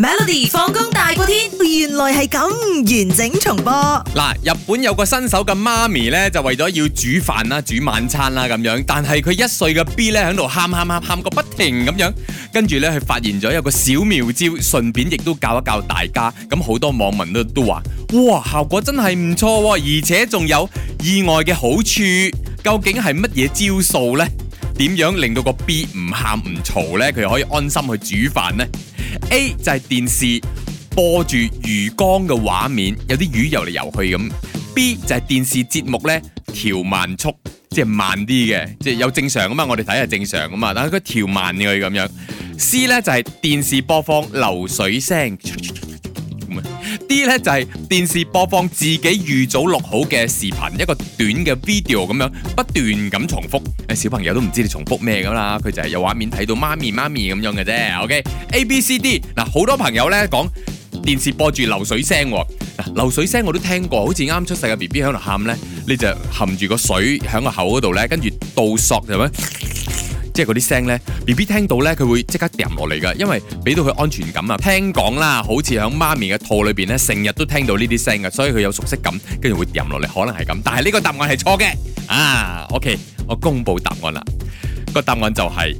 Melody 放工大過天，原來係咁完整重播。嗱，日本有個新手嘅媽咪咧，就為咗要煮飯啦、煮晚餐啦咁樣，但係佢一歲嘅 B 咧喺度喊喊喊喊個不停咁樣，跟住咧佢發現咗有個小妙招，順便亦都教一教大家。咁好多網民都都話，哇，效果真係唔錯喎，而且仲有意外嘅好處。究竟係乜嘢招數呢？點樣令到個 B 唔喊唔嘈呢？佢可以安心去煮飯呢？A 就係電視播住魚缸嘅畫面，有啲魚游嚟游去咁。B 就係電視節目呢，調慢速，即係慢啲嘅，即係有正常噶嘛？我哋睇係正常噶嘛？但係佢調慢佢咁樣。C 呢，就係電視播放流水聲。嘻嘻啲咧就係、是、電視播放自己預早錄好嘅視頻，一個短嘅 video 咁樣不斷咁重複。誒、哎，小朋友都唔知你重複咩㗎喇，佢就係有畫面睇到媽咪媽咪咁樣嘅啫。OK，A B C D 嗱、啊，好多朋友咧講電視播住流水聲，嗱、啊、流水聲我都聽過，好似啱出世嘅 B B 喺度喊咧，你就含住個水喺個口嗰度咧，跟住倒索係咪？即係嗰啲聲呢，BB 聽到呢，佢會即刻掉落嚟噶，因為俾到佢安全感啊。聽講啦，好似響媽咪嘅肚裏邊呢，成日都聽到呢啲聲嘅，所以佢有熟悉感，跟住會掉落嚟，可能係咁。但係呢個答案係錯嘅啊。OK，我公布答案啦。個答案就係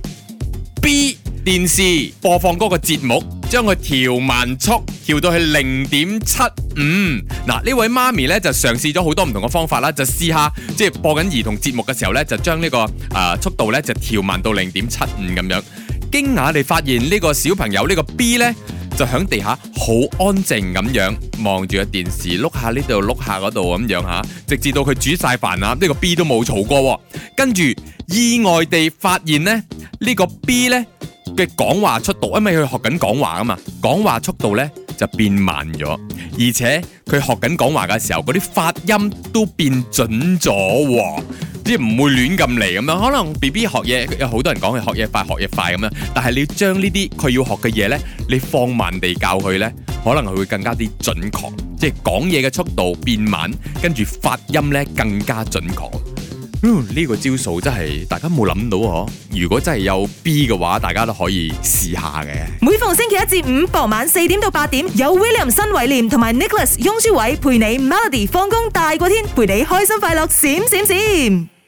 B 電視播放嗰個節目。將佢調慢速，調到去零點七五。嗱，呢位媽咪呢，就嘗試咗好多唔同嘅方法啦，就試下即係播緊兒童節目嘅時候呢，就將呢個啊速度呢，就調慢到零點七五咁樣。驚訝地發現呢個小朋友呢個 B 呢，就響地下好安靜咁樣望住個電視，碌下呢度碌下嗰度咁樣吓，直至到佢煮晒飯啦，呢個 B 都冇嘈過。跟住意外地發現呢，呢個 B 呢。嘅講話速度，因為佢學緊講話啊嘛，講話速度咧就變慢咗，而且佢學緊講話嘅時候，嗰啲發音都變準咗喎，即係唔會亂咁嚟咁樣。可能 BB 學嘢，有好多人講佢學嘢快，學嘢快咁樣，但係你將呢啲佢要學嘅嘢咧，你放慢地教佢咧，可能佢會更加啲準確，即係講嘢嘅速度變慢，跟住發音咧更加準確。呢個招數真係大家冇諗到嗬！如果真係有 B 嘅話，大家都可以試下嘅。每逢星期一至五傍晚四點到八點，有 William 新偉廉同埋 Nicholas 翁舒偉陪你 Melody 放工大過天，陪你開心快樂閃閃閃。閃閃閃